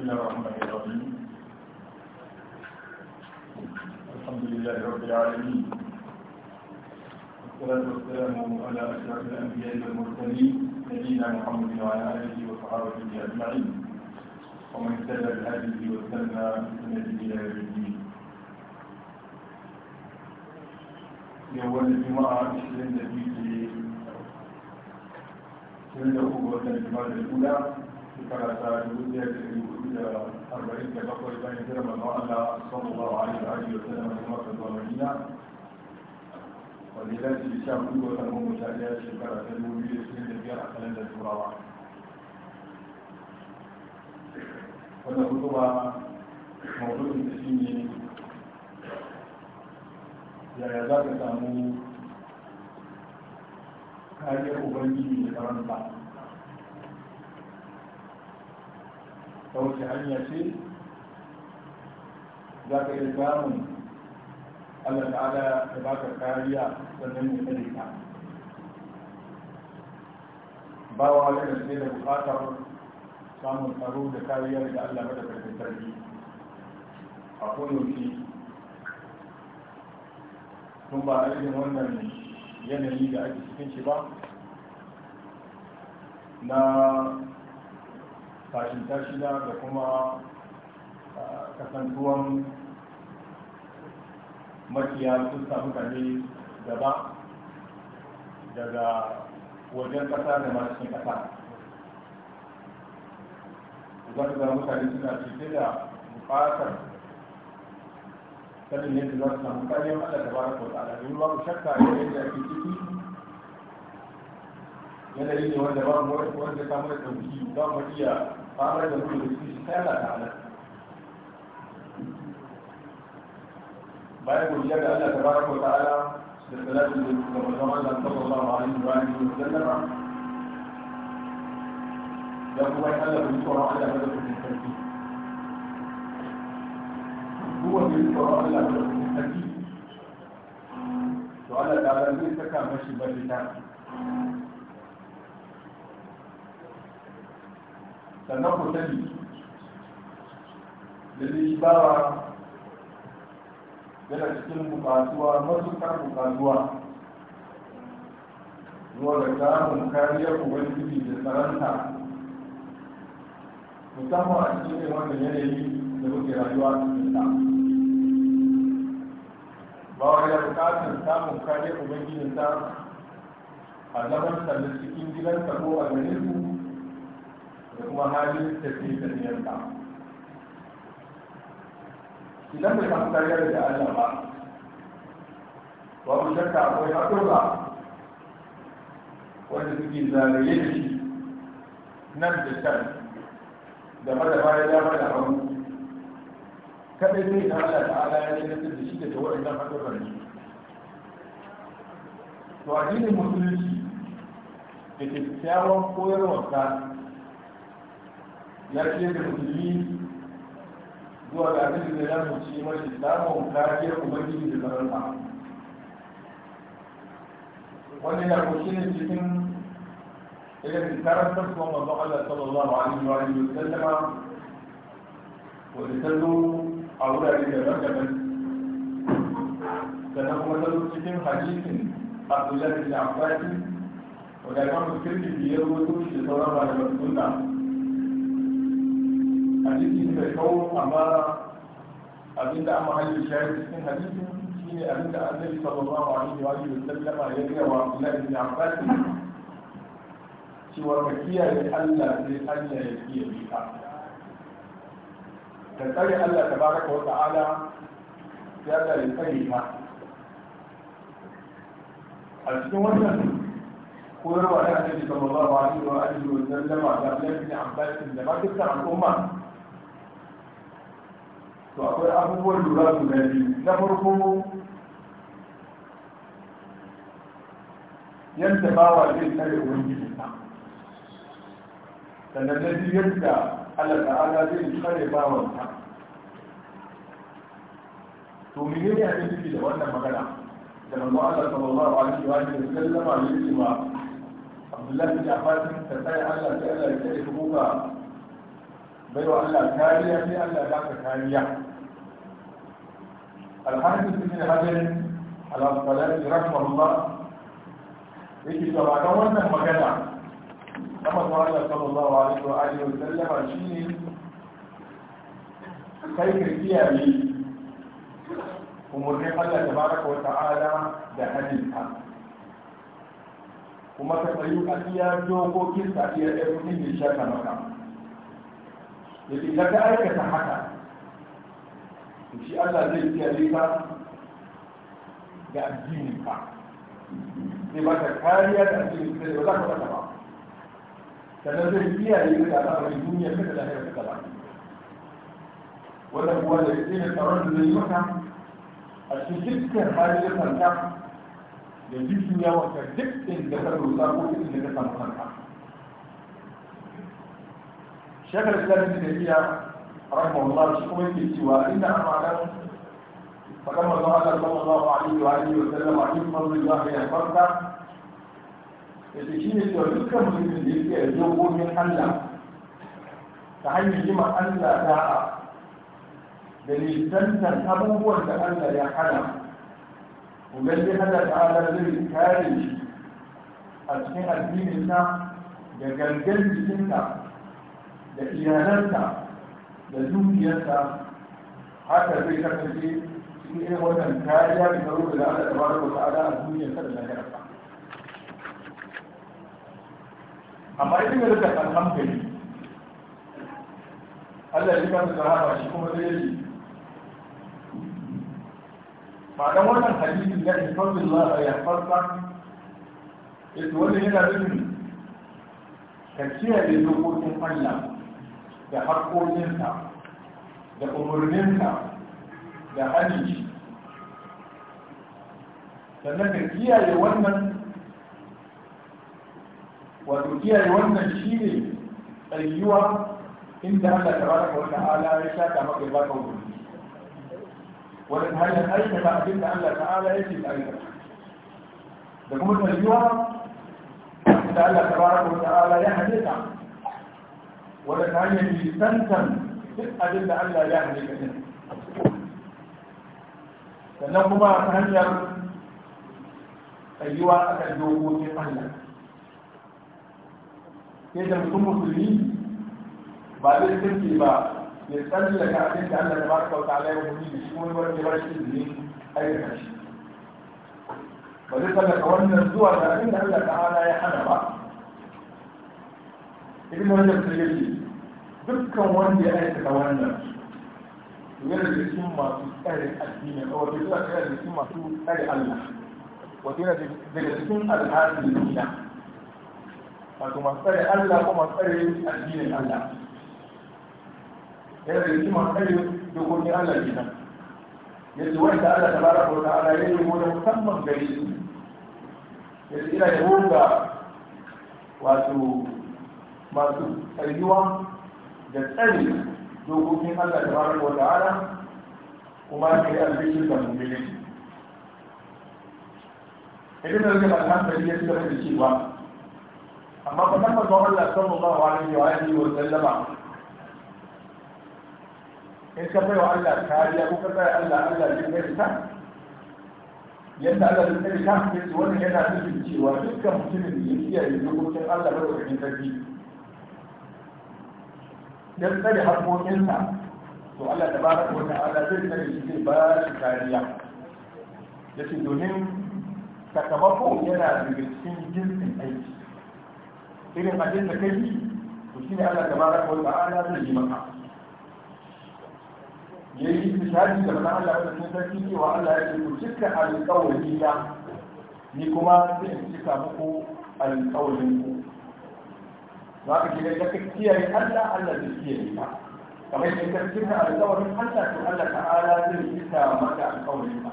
بسم الله الرحمن الرحيم الحمد لله رب العالمين والصلاة والسلام على أشرف الأنبياء والمرسلين نبينا محمد وعلى آله وصحابته أجمعين ومن اهتدى بهذه وسلم بسنته إلى يوم الدين يوم الجمعة 20 دقيقة 23 الجمعة الأولى shekara ta dubu ɗaya da ɗari hudu da arba'in da bakwai bayan jiran manzo Allah sallallahu alaihi wa alihi wa sallam da kuma ka zuwa Madina wanda ya dace da sha hudu ga watan goma sha ɗaya shekara ta dubu biyu da shirin da biyar a kalandar turawa wannan hukuma mawdu'in da shi ne yaya za ka samu kariyar ubangiji da karanta ta hanya ce za ka iya samun allah ta'ala ta baka kariya sannan ya tsare ka ba wa wani da suke da bukatar samun tsaro da kariyar da allah da karfin sarki a koyaushe tun ba a irin wannan yanayi da ake cikin shi ba na tashin shida da kuma kasantuwan makiya sun samu kane gaba daga wajen kasa da masu kasa za su zama mutane suna cike da bukatar sanin yadda za su samu kariyar allah da baraka wata ala ba ku shakka da yadda ake ciki yanayi ne wanda ba mu wanda samu da ɗauki za mu iya خرج من الاستثابة على بايك الجد الله تبارك وتعالى باختلاف الرسول صلى الله عليه وآله وسلم لكم يحلق الشرع على مدى التركيب هو في الشرع على مدى التركيب وعلى تعالى ليس كان مشي بالكتاب sannan ku sani da zai bawa yana cikin bukatuwa matuƙar bukatuwa zuwa da samun kariyar ubangiji da tsaranta musamman a cikin irin wannan yanayi da muke rayuwa a cikin ta bawa ya bukatar samun kariyar ubangijinsa a zaman sannan cikin gidan ko a gare su da kuma halin tafiye ta idan bai samu kariya da Allah ba babu shakka akwai haɗurra wanda suke zagaye da shi nan da can da mada baya ya da hagu kadai zai da Allah ala ya yi nasir da shi daga waɗannan haɗurran su to addinin musulunci da kyakkyawan ta. ya ce da musulmi zuwa ga abin da ya mutu mashi samun kariyar ubangiji da zarar ma wannan ya kushe ne cikin irin karantar kuma manzon Allah sallallahu alaihi wa alihi wa sallama wanda ta zo a wurare daban-daban sannan kuma ta zo cikin hadisin Abdullahi bin Abbas wanda ya kama kirki biyar wato shi da sauran malaman sunna hadisi da kawo amma abinda an mahalli shahid cikin hadisin shine abinda annabi sallallahu alaihi wa alihi sallama ya ga wa Abdullah ibn Abbas cewa ka kiyaye Allah sai Allah ya kiyaye ka ka tsare Allah tabaraka wa ta'ala sai Allah ya tsare ka a cikin wannan koyarwa da annabi sallallahu alaihi wa alihi wa sallama da Abdullah ibn Abbas da ma dukkan al'umma to akwai abubuwan lura su na biyu na farko yadda bawa zai tsare ubangiji sa sannan na biyu yadda Allah ta'ala zai tsare bawan sa to mene ne ake nufi da wannan magana da manzo Allah sallallahu alaihi wa sallam ya ce wa Abdullahi bin Abbas ta tsare Allah ta Allah ya tsare kuka bai wa Allah kariya sai Allah ba ka kariya alhamdu bin hajar al-asqalani rahimahullah yake cewa kan wannan magana na manzo Allah sallallahu alaihi wa alihi wa sallama shine kai ka kiyaye umurnin Allah tabaraka wa ta'ala da hadinka kuma ka tsayu a iya dokokin sa iya ɗaya mutum ya shaka maka da idan ka aikata haka shi Allah zai kiyaye ka da addinin ka zai ba ka kariya da addinin ka ba za ka bata ba sannan zai kiyaye ka da al'amarin duniya ka da lahirar ka ba wannan kuwa da ya tsere tsaron da zai maka a cikin dukkan halin kanka da jikin yawon ka duk inda ka dosa ko duk inda ka samu kanka shekar islam da biya rahimahullah shi kuma yake cewa inda an ma'anar fakar mazan Allah sallallahu alaihi wa alihi wa sallam a yin fadlin Allah ya farka yake shi ne cewa dukkan musulmin da yake yarda dokokin Allah ta hanyar jima Allah da'a da nisantar abubuwan da Allah ya hana ubangiji Allah ta'ala zai kare shi a cikin addinin na? da gangan jikinsa da iyalansa da dukiyarsa haka zai kasance cikin irin wannan kariya da tsaro da Allah da baraka ta ala a duniyarsa da lahirarsa amma idan ya rika alhamdulillah Allah ya kasa sahaba shi kuma zai yi ma'anar wannan hadisi na ifadun lafa ya farfa yadda wanda yana nufin ka kiyaye dokokin Allah da haƙoƙinsa da umarninsa da hannunci sannan ka kiyaye wannan wato kiyaye wannan shi ne tsayuwa inda Allah ta baraka wa ta'ala ya shata maka ya baka wuri wani hanyar aikata abin da Allah ta'ala ya ce ta aikata da kuma tsayuwa da Allah ta baraka wa ta'ala ya ta. ولا تعني اللي تنتم تبقى جدا ألا يعني الإنسان لأنهما تهجر أيوة أتجوه في قهلة كيف يكون مسلمين بعد ذلك با يستنجي لك أعطيك أن تبارك وتعالى يومي بشكون ورد يبارك الدين أي حشي ولسا لك أولنا الزوء لكن الله تعالى يحنى بقى ibn rajab sai yake dukkan wanda ya aikata wannan yana da cikin masu tsare addini a wata zuwa yana da cikin masu tsare Allah wata yana daga cikin al'adun duniya wato masu tsare Allah ko masu tsare addinin Allah yana da cikin masu tsare dokokin Allah kenan yace wanda Allah ta tabaraka wa ta'ala ya yi wani musamman gari su yace ina da wanda wato masu tsayuwa da tsari dokokin Allah da mara wata ta'ala kuma ya yi albishin da mummuni idan da rikin alhamdulillah ya cigaba da cewa amma ba nan mazan Allah wani alaihi ya alihi wa sallama in ka bai wa Allah kariya ko ka bai Allah Allah zai kai ta yadda Allah ya kai ta sai wani yana cikin cewa dukkan mutumin da ya kiyaye dokokin Allah ba da kafin يمتلئ حكم الانسان سؤال تبارك وتعالى تلك الجبال الشكاريه لكن دونين تتبقوا يلا بجسم جسم اي إلى ما جئنا كذي وشين على تبارك وتعالى تجي مكان يجي مشاهد جبنا على أن تجي وعلى أن تشك على القول هي نكما تشك بكو القول منكم za ka shiga da kiyaye Allah Allah zai kiyaye ka kamar yadda ka cika alƙawarin Allah to Allah ta'ala zai cika maka alƙawarin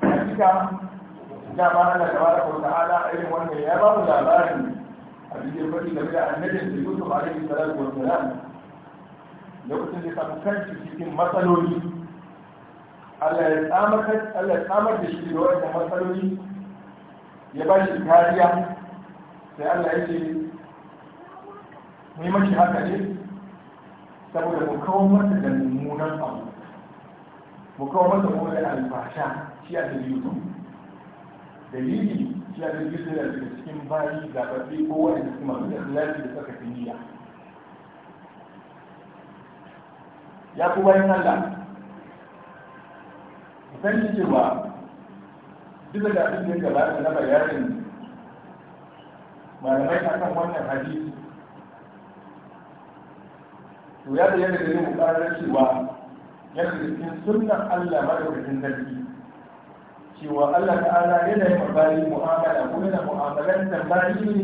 ka cika ma Allah ta tabaraka wa ta'ala irin wannan ya ba mu labarin a cikin fadi game da annabin da Yusuf alaihi salatu wa salam lokacin da samu kanshi cikin matsaloli Allah ya tsamar da shi da wa'annan matsaloli ya ba shi kariya sai Allah ya ce mai mashi haka ne saboda mu kawo masa da mummunan abu mu kawo masa mummunan albasha shi a dalilu dalili shi a dalilu sai da daga cikin bayi zaɓaɓɓe ko wani su masu da lafi da tsaka niyya ya ku bayan Allah sani cewa duk da abin da ya da na bayanin malamai a kan wannan hadisi to ya da yadda yi mukarar cewa yadda cikin sunan allah madaukakin sarki cewa allah ta'ala yana yi mabari mu'amala ko yana mu'amalar bayi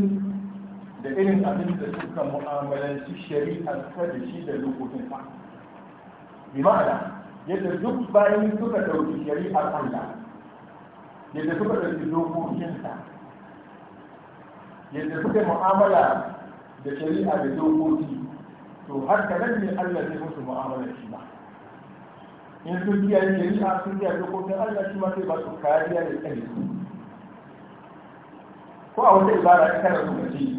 da irin abin da suka mu'amalanci shari'a ta da shi da lokacin sa bi ma'ana yadda duk bayan suka dauki shari'ar allah yadda suka ɗauki dokokinsa yadda suka mu'amala da shari'a da dokoki to har ka nan ne Allah zai musu mu'amala shi ma in sun kiyaye shari'a sun biya dokokin Allah shi ma sai ba su kariya da tsare ko a wata ibada ita da suka ce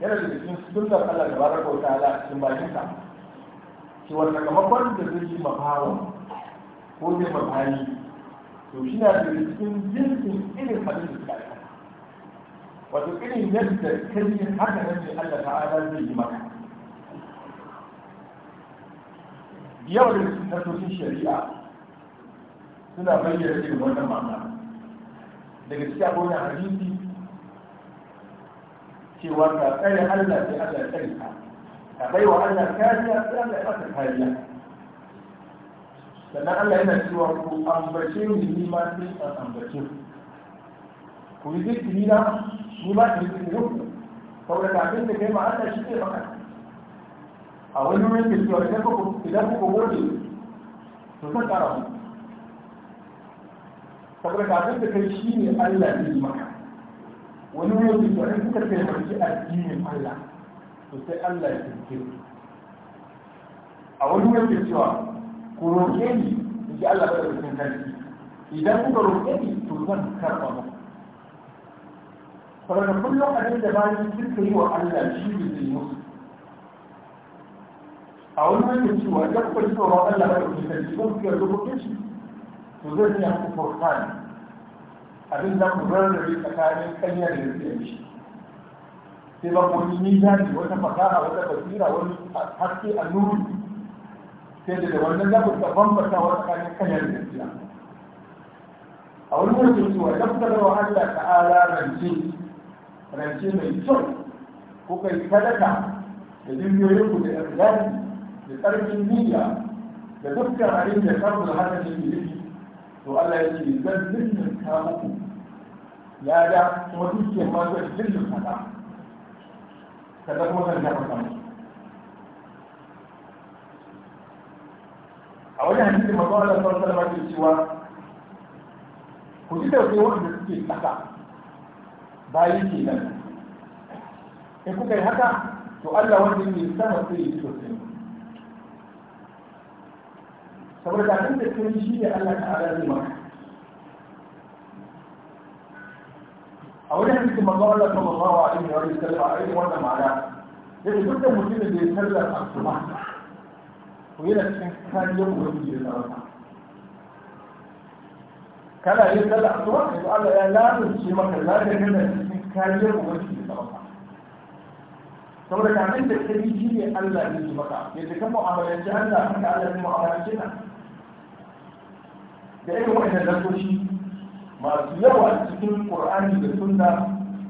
yana da cikin sunnar Allah da baraka wa ta'ala cikin bakin sa shi wanda kamakon da zai yi mafawa ko zai mafani to shi na da cikin jinsin irin hadin da suka wato irin yadda kai haka nan ne Allah ta'ala zai yi maka yau da nasoshin shari'a suna bayyana irin wannan ma'ana daga cikin abubuwan hadisi cewa ka tsare Allah sai Allah ya tsare ka ka bai wa Allah kariya sai Allah ya baka kariya sannan Allah yana cewa ku ambace ni ma sai an ambace ku yi zikiri na shi ma ta yi rubu saboda kafin da kai ma Allah shi zai maka a wani wani da cewa idan kuka idan kuka gode to zan kara mu saboda kafin da kai shi ne Allah zai yi maka wani wani da cewa idan kuka taimaki addinin Allah to sai Allah ya taimake ku a wani wani da cewa ku roƙe ni in ji Allah ba da cikin kanki idan kuka roƙe ni to zan karɓa maka. فمن كل واحد عند بالي كيف هو على الجيل المسلم أو أنه يسوى يقبل سورة الله عز وجل يقول في الروبوتيشن وزيزي عن الفرقان أبين ذا مرر للتكاري كان يرى الفيش تبا قلنيزان وتفكاها وتفكيرا وحكي النور تجد وانا ذاك التفهم بس هو كان كان يرى الفيش أو أنه يسوى يقبل وحكي تعالى من جيل rance mai kyau ko yi sadaka da dubiyoyinku da irgani da ƙarfin niyya da dukkan abin da kanku da haka ne ke nufi to Allah ya ce zan dindin ka muku ya da kuma dukkan ma zan dindin ka da ka da kuma zan shafa kanku a wani hadisi manzo Allah sallallahu alaihi wasallam ya ce cewa ku ji da wanda suke tsaka bayi ke nan in kuka yi haka to Allah wanda yake sama sai yi sosai saboda kafin da kai shi ne Allah ta ala zai maka a wani hadisi manzo Allah sallallahu alaihi wa sallam a irin wannan ma'ana yake dukkan mutumin da ya sallar a asuba to yana cikin kariyar ubangiji da tsarasa kana yin sallah a zuwa ka Allah ya lalace maka lalace ka gana cikin kariyar ubangi da sama saboda kafin da ka yi shi ne Allah ya yi maka ya ce kan mu'amalanci Allah kan da Allah ya mu'amalanci na da irin wannan lantoshi masu yawa cikin Qur'ani da Sunna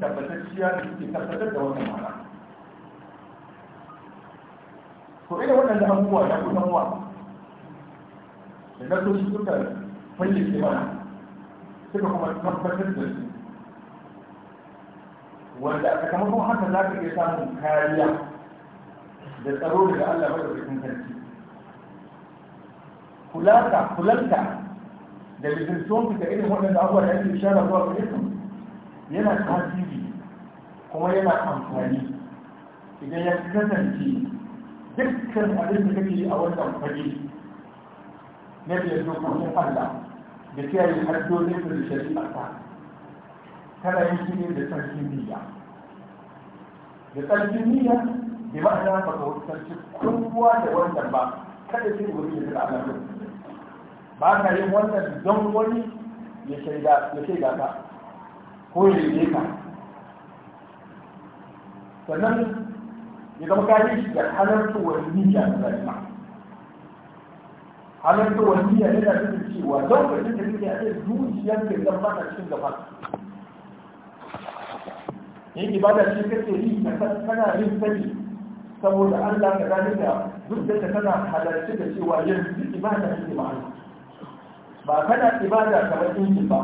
tabbatacciya da suke tabbatar da wannan ma'ana ko ina wannan da abubuwa da kusan wa da lantoshi suka fayyace mana suka kuma tabbatar da su wanda a sakamakon haka za ka iya samun kariya da tsaro daga Allah ba da bikin sarki kulanta kulanta da tsohon fita irin waɗanda abuwa da ake shara zuwa gare su yana tasiri kuma yana amfani idan ya kasance dukkan abin da kake a wannan fage na biyar dokokin Allah da kiyaye haddodin da shari'a ta kana yin shi ne da tsarkin niyya da tsarkin niyya bai ma'ana ba ka sarki kowa da wannan ba kada sai wuri da zira alamun ba ka yin wannan don wani ya shaida ka ko ya yi ka sannan ya zama kayan shi da halarta wani niyya da zai halarta waliya yana nuna cewa lokacin da kake a zuciyar ka zan mata cikin gaba yin ibada ce kake yi ka kana yin sani saboda Allah ka gane da duk da ka kana halarci da cewa yanzu ibada ne ba ba kana ibada kamar injin ba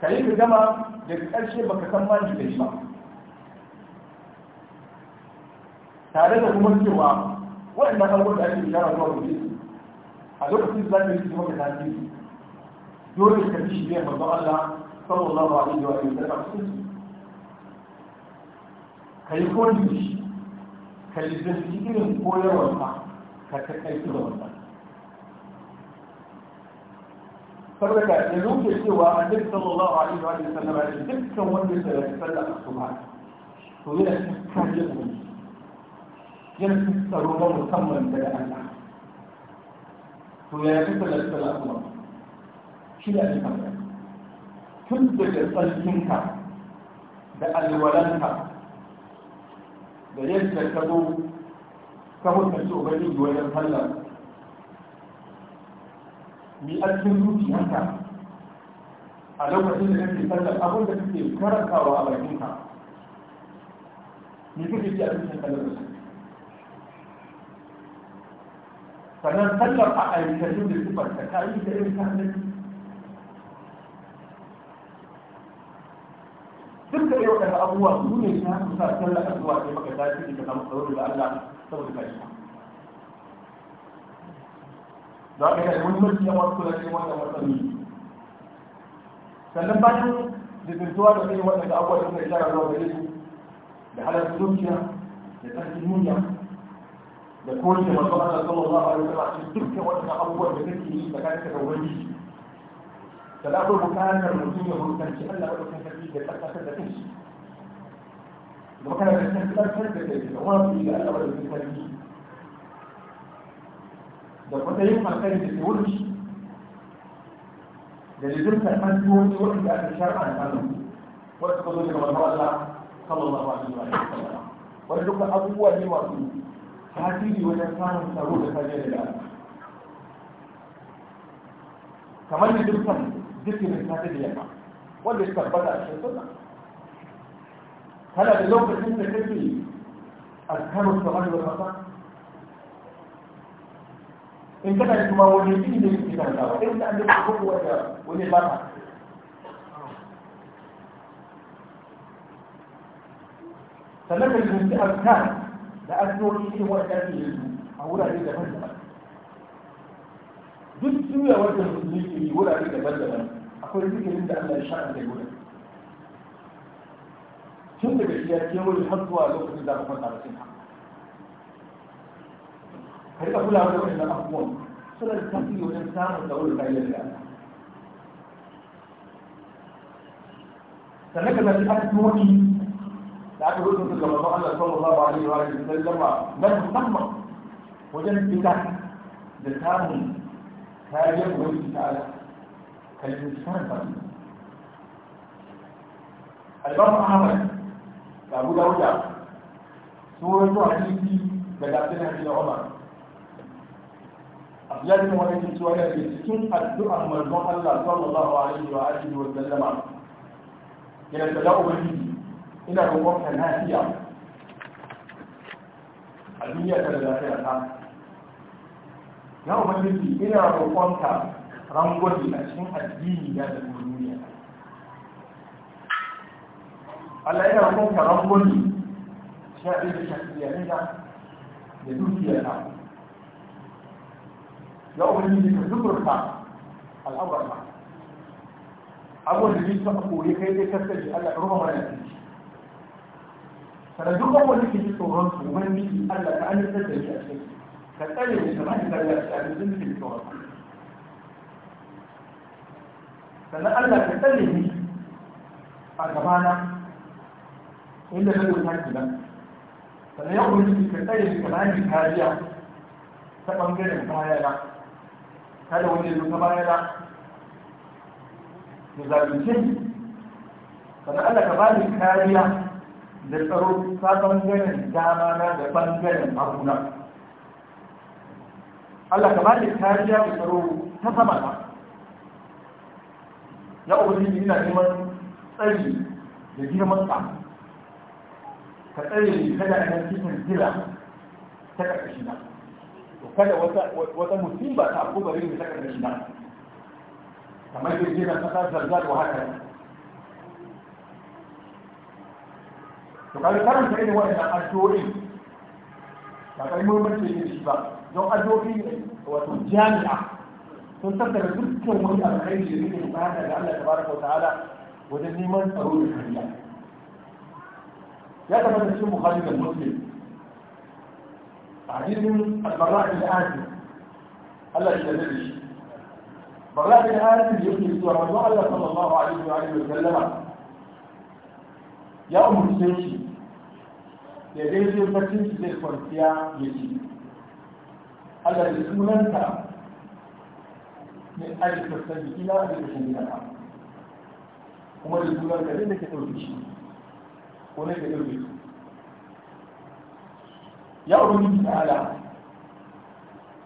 ka yi ka gama daga ƙarshe ba ka san da shi ba tare da kuma cewa waɗannan abubuwan da ake ishara zuwa gare a lokacin da zaka yi su maka dole ka bi shi ne manzo Allah sallallahu alaihi wa sallam ka yi koyi shi ka irin ka ta kai su da wannan ka sallallahu alaihi wa sallam dukkan wanda ya sallah to yana cikin kariyar yin tsaro na musamman daga Allah to ya fi da su da kuma shi da ake kamar tun daga tsarkinka da alwalanka da yadda ka zo ka ni ubangiji wajen sallah mi alkin zuciyanka a lokacin da kake sallar abin da kake karantawa a bakinka me kake ji a cikin kalmar فلن تلقى أن تجد سبب التكاليف إن كان لك تلك إلى أبوة دون إشاء مسار كلا أبوة كما كتابة إذا كان مقرور لألا تقول لك إشاء ذلك يقول من يوم كل يوم يوم تمين سلم بعده لتنتوى لكي يوم أبوة إذا كان لك بحالة سلوكيا لتنتمونيا يكون كما قال صلى الله عليه وسلم في تلك وجه اول بذكره فكان كتوبته فلا قلت كان المسلم يقول كان شيئا لا يكون كتوبته لا تكتب تنسى وكان يكتب لا تكتب تنسى وما في الا لا يكون كتوبته ده كنت يسمع كان يقولش ده اللي دمت الحمد هو يقول لي اخر شرع عن قانون وقت قضيه رمضان صلى الله عليه وسلم ولدك اول مرتين هاتيني ولسانا سهو لفجر الآن كما يدرسن ذكر الناس اليما واللي استقبل الشيطان هلا بلوك سنة كثير أذهان الصغير والمساء إن كان لكما وليدين من الكتاب الدارة إن أن يكون هو يا ولي بارك فلما يجب أن da addu'o'i cikin wanda ake yi a wurare daban-daban duk juya wanda musulmi ke yi wurare daban-daban akwai zikirin da Allah ya sha'a da gudan tun daga shi ya kewaye har zuwa lokacin da aka kwanta da sun haka ka riƙa kula da waɗannan abubuwan suna da tasiri wajen samun da wani kariyar da Allah sannan ka zaɓi addu'o'i da aka rubuta daga manzon Allah sallallahu alaihi wa sallam na musamman wajen fita da samun kariyar wani ta'ala kalmar sarrafa Al-Imam Ahmad da Abu Dawud سورة حديثي بدأتنا إلى عمر أبيات ولد سورة السن الدعاء مرضون الله صلى الله عليه وآله وسلم إلى تلاوة به ina da roƙon na lafiya a duniya ta da lafiya ta ya ubangiji ina da ka rangwaje a cikin addini da da duniya Allah ina roƙon ka rangwaje ya ɗaya da shafiya da dukiya ta ya ubangiji ka zuburta al'aurata abubuwan da zai taɓa kore kai dai kasar da Allah ruwa mara yanzu kada duk wanda nake ji tsoron su ubangiji Allah ka amintar da shi a cikin ka tsare ni kamar da Allah ya tsare ni nake tsoron sannan Allah ka tsare ni a gabana inda na gudu haki nan sannan ya ubangiji ka tsare ni kamar da kariya ta bangaren bayana kada wani ya zo ta bayana ya zalunce ni sannan Allah ka ba ni kariya da tsaro ta ɓangaren dama na da ɓangaren abuna Allah ka ba da kariya da tsaro ta sama na ya ubangiji ina neman tsari da girman sa ka tsare kada a nan cikin jira ta ƙarƙashi na kada wata musiba ta abubuwa rin da ta ƙarƙashi na kamar jirgin na ƙasa zarzar wa haka to kaga karanta irin waɗannan addu'o'i ba kai muhimmanci ne shi ba don addu'o'i ne wato jami'a sun tattara dukkan wani alkhairi da yake bukata ga Allah tabaraka wa ta'ala wajen neman tsaro da kariya ya tabbata cikin bukhari da muslim عجيب البراء الآتي ألا يشتبهش براء الآتي يقول سورة الله صلى الله عليه وآله وسلم يا أم السيشي da daidai mutum su zai kwanciya ya ci Allah da sunanta ne aika sani ina da ka shi nuna kuma da sunanta ne da ke ɗauki shi ko ne ke ɗauki su ya ubangiji ala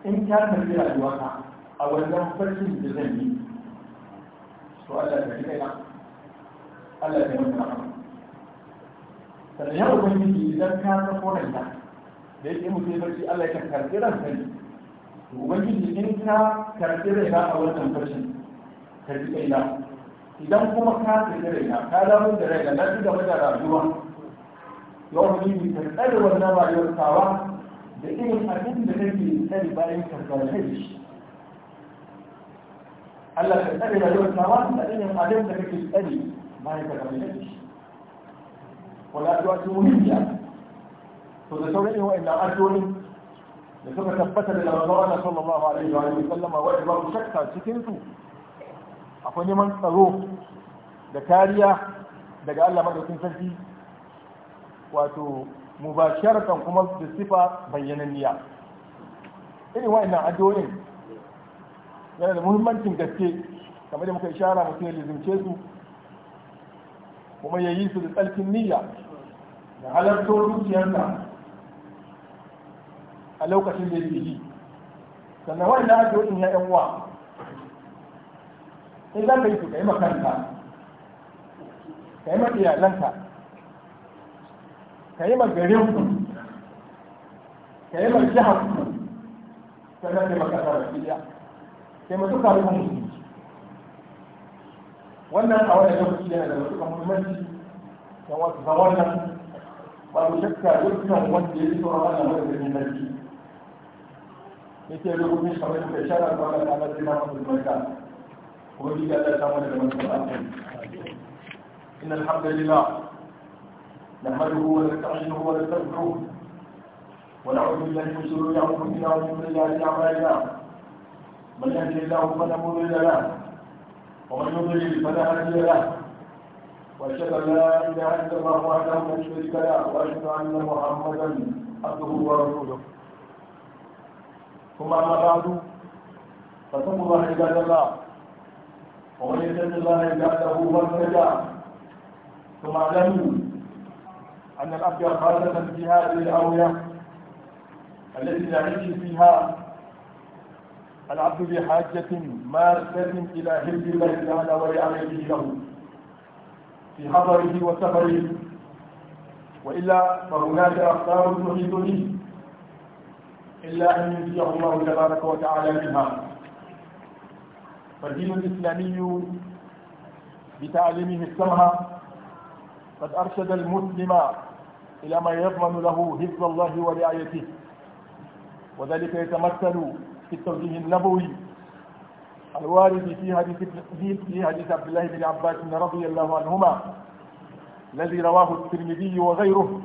in ka karbi rayuwa ka a wannan farkin da zan yi to Allah ka ji kaina Allah ka yi mutane sannan ya ubangiji idan ka sako ranta da yake mutum ya barci Allah ya karɓi ranta ne to ubangiji in ka karɓi ranta a wannan barcin ka ji kaina idan kuma ka karɓi ranta ka damu da ranta na ci gaba da rayuwa ya ubangiji ka tsare wannan rayuwar tawa da irin abin da kake tsare bayan karɓar kai shi Allah ka tsare rayuwar tawa da irin abin da kake tsare bayan karɓar kai shi wala addu'a ce muhimmiya to da sauran yawan nan addu'o'in da suka tabbata da Ramadan sallallahu alaihi wa sallama, wa babu shakka cikin su akwai neman tsaro da kariya daga Allah madaukakin sarki wato mubasharatan kuma da sifa bayyananniya irin wa'annan addu'o'in yana da muhimmancin gaske kamar da muka ishara mutum ya lizimce su kuma ya yi su da tsarkin niyya da halarto dukiyarsa a lokacin da yake ji sannan wani da ake yin ya uwa sai za ka yi su ka yi makaranta ka yi maɗiyalanka ka yi magarin su ka yi majihar jihar sannan ka yi makasa da filiya sai mutu ka rufe musu wannan a wani lokaci yana da matuƙar muhimmanci don wasu ga nan. babu shakka dukkan wanda ya yi tsoron Allah mai gani sarki yake rubutun kamar da shara ko Allah ta mace na mutum barka ko ni ga Allah ta mana da mutum barka إن الحمد لله نحمده ونستعينه ونستغفره ونعوذ بالله من شرور أنفسنا ومن سيئات أعمالنا من يهده الله فلا مضل له ومن يضلل فلا هادي له واشهد ان لا اله الا الله وحده لا شريك له واشهد ان محمدا عبده ورسوله ثم اما بعد فاتقوا الله عباد الله ومن يتق الله عباده وارتجى ثم اعلموا ان الابد خاصه في هذه الاويه التي نعيش فيها العبد بحاجة مارة إلى حفظ الله تعالى ولأمره له في حضره وسفره وإلا فهناك أخطار تحيط به إلا أن ينجيه الله تبارك وتعالى منها فالدين الإسلامي بتعليمه السمها قد أرشد المسلم إلى ما يضمن له حفظ الله ورعايته وذلك يتمثل في التوجيه النبوي الوارد في حديث في حديث عبد الله بن عباس رضي الله عنهما الذي رواه الترمذي وغيره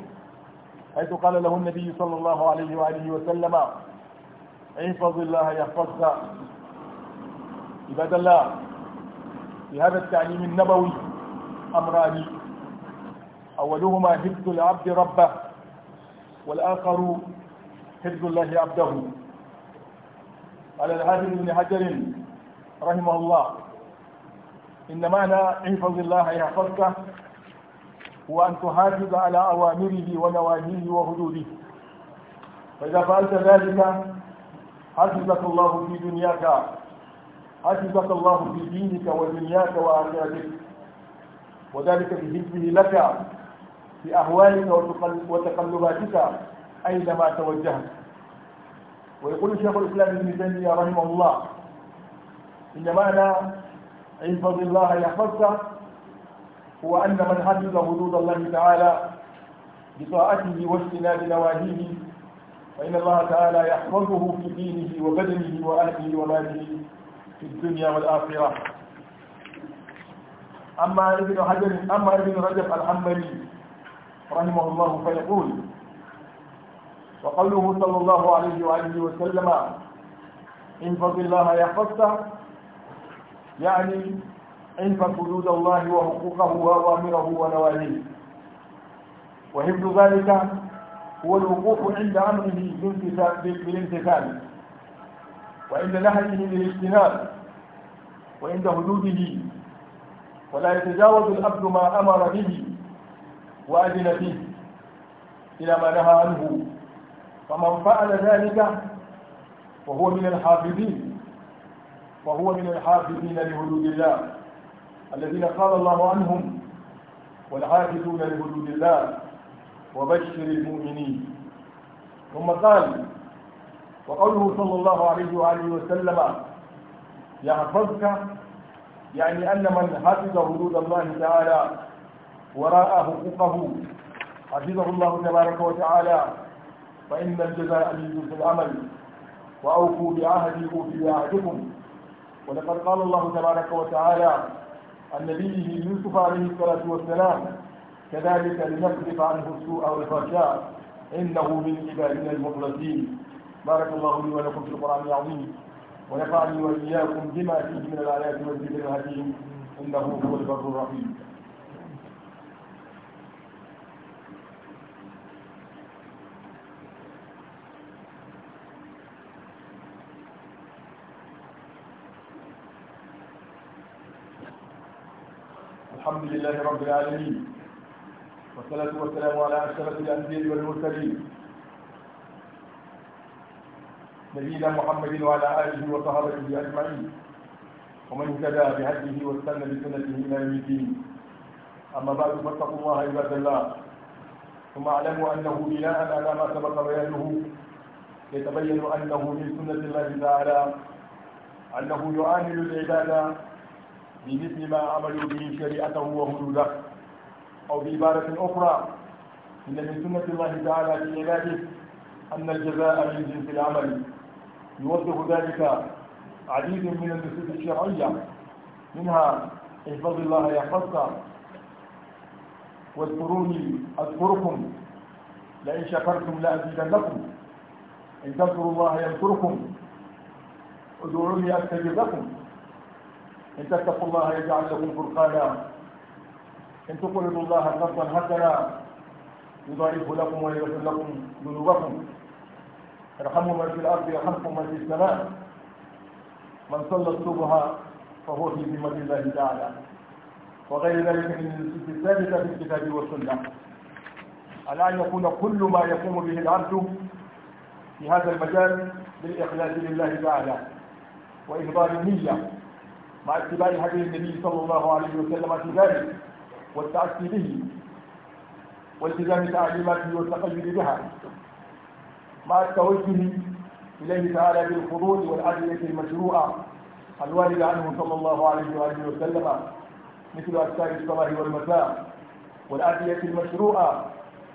حيث قال له النبي صلى الله عليه وآله وسلم احفظ الله يحفظك عباد الله في هذا التعليم النبوي أمران أولهما حفظ العبد ربه والآخر حفظ الله عبده قال الحافظ بن حجر رحمه الله إن معنى احفظ الله يحفظك هو أن تحافظ على أوامره ونواهيه وحدوده فإذا فعلت ذلك حفظك الله في دنياك حفظك الله في دينك ودنياك وآخرتك وذلك بحفظه لك في أهوالك وتقلباتك أينما توجهت ويقول شيخ الإسلام ابن تيمية رحمه الله إن معنى احفظ الله يحفظك هو أن من حفظ حدود الله تعالى بطاعته واجتناب نواهيه فإن الله تعالى يحفظه في دينه وبدنه وأهله وماله في الدنيا والآخرة أما ابن حجر أما ابن رجب الحنبلي رحمه الله فيقول وقوله صلى الله عليه وآله وسلم ان فضل الله يحفظك يعني علم حدود الله وحقوقه وأوامره ونواهيه وحفظ ذلك هو الوقوف عند أمره بالامتثال وعند نهيه للاجتناب وعند حدوده ولا يتجاوز الأبد ما أمر به وأذن فيه إلى ما نهى عنه فمن فعل ذلك وهو من الحافظين وهو من الحافظين لحدود الله الذين قال الله عنهم والحافظون لحدود الله وبشر المؤمنين ثم قال وقوله صلى الله عليه وآله وسلم يحفظك يعني أن من حفظ حدود الله تعالى وراء حقوقه حفظه الله تبارك وتعالى فإن الجزاء من جزء العمل وأوفوا بعهدي أوفي بعهدكم ولقد قال الله تبارك وتعالى عن نبيه يوسف عليه الصلاة والسلام كذلك لنصرف عنه السوء والفحشاء إنه من عبادنا المخلصين بارك الله لي ولكم في القرآن العظيم ونفعني وإياكم بما فيه من الآيات والذكر الحكيم إنه هو البر الرحيم الحمد لله رب العالمين والصلاة والسلام على أشرف الأنبياء والمرسلين نبينا محمد وعلى آله وصحبه أجمعين ومن اهتدى بهديه واستنى بسنته إلى يوم الدين أما بعد فاتقوا الله عباد الله ثم اعلموا أنه بناء على ما سبق بيانه يتبين أنه من سنة الله تعالى أنه يعامل العباد بمثل ما عملوا به شريعته وحدوده أو بعبارة أخرى إن من سنة الله تعالى في عباده أن الجزاء من جنس العمل يوضح ذلك عديد من النصوص الشرعية منها احفظ الله يحفظك واذكروني أذكركم لئن شكرتم لأزيدنكم إن تذكروا الله يذكركم ادعوني أستجب لكم إن تتقوا الله يجعل لكم فرقانا إن تقرضوا الله قرضا حسنا يضاعف لكم ويغفر لكم ذنوبكم ارحموا من في الأرض يرحمكم من في السماء من صلى الصبح فهو في ذمة الله تعالى وغير ذلك من الثابتة في الكتاب والسنة على أن يكون كل ما يقوم به العبد في هذا المجال بالإخلاص لله تعالى وإهضار النية مع اتباع هدي النبي صلى الله عليه وسلم في ذلك والتأسي به والتزام تعليماته والتقيد بها مع التوجه إليه تعالى بالخضوع والعدلة المشروعة الوارد عنه صلى الله عليه وآله وسلم مثل أذكار الصباح والمساء والأدعية المشروعة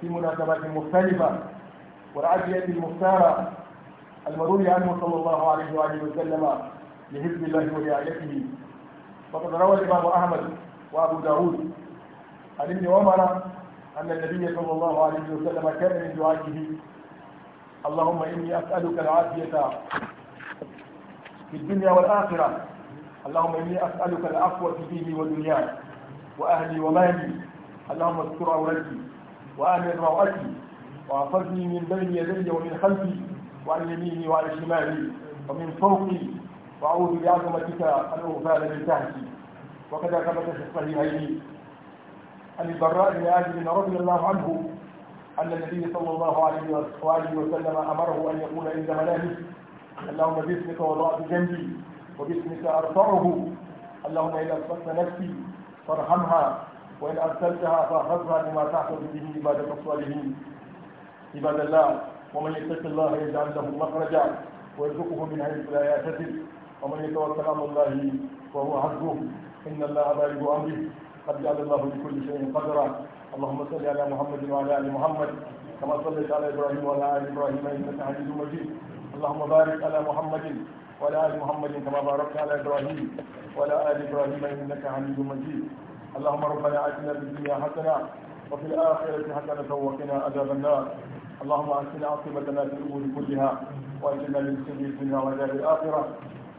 في مناسبات مختلفة والأدعية المختارة المروي عنه صلى الله عليه وآله وسلم لحزب الله ورعايته فقد روى الإمام أحمد وأبو داود عن ابن عمر أن النبي صلى الله عليه وسلم كان من دعائه اللهم إني أسألك العافية في الدنيا والآخرة اللهم إني أسألك العفو في ديني ودنياي وأهلي ومالي اللهم استر عورتي وآمن روعتي وأخرجني من بين يدي ومن خلفي وعن يميني وعن شمالي ومن فوقي وأعوذ بعظمتك أن أغفال من تحتي وقد ثبت في الصحيحين عن البراء بن عازب رضي الله عنه أن النبي صلى الله عليه وآله وسلم أمره أن يقول عند منامه اللهم باسمك وضعت جنبي وباسمك أرفعه اللهم إن أرسلت نفسي فارحمها وإن أرسلتها فأخذها بما تحفظ به عبادة الصالحين عباد الله ومن يتق الله يجعل له مخرجا ويرزقه من حيث لا يعتذر ومن يتوكل على الله وهو حسبه إن الله بارك أمره قد جعل الله لكل شيء قدرا اللهم صل على محمد وعلى آل محمد كما صليت على إبراهيم وعلى آل إبراهيم إنك حميد مجيد اللهم بارك على محمد وعلى آل محمد كما باركت على إبراهيم وعلى آل إبراهيم إنك حميد مجيد اللهم ربنا آتنا في الدنيا حسنة وفي الآخرة حسنة وقنا عذاب النار اللهم أحسن عاقبتنا في الأمور كلها وأجلنا من في الدنيا وعذاب الآخرة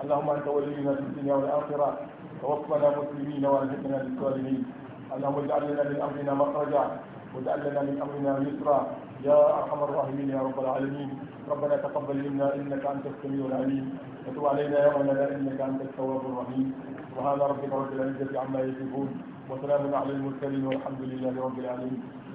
اللهم أنت ولينا في الدنيا والآخرة توفنا مسلمين وألهمنا للصالحين اللهم اجعل لنا من أمرنا مخرجا واجعل لنا من أمرنا يسرا يا أرحم الراحمين يا رب العالمين ربنا تقبل منا إنك أنت السميع العليم وتب علينا يا مولانا إنك أنت التواب الرحيم سبحان ربك رب العزة عما يصفون وسلام على المرسلين والحمد لله رب العالمين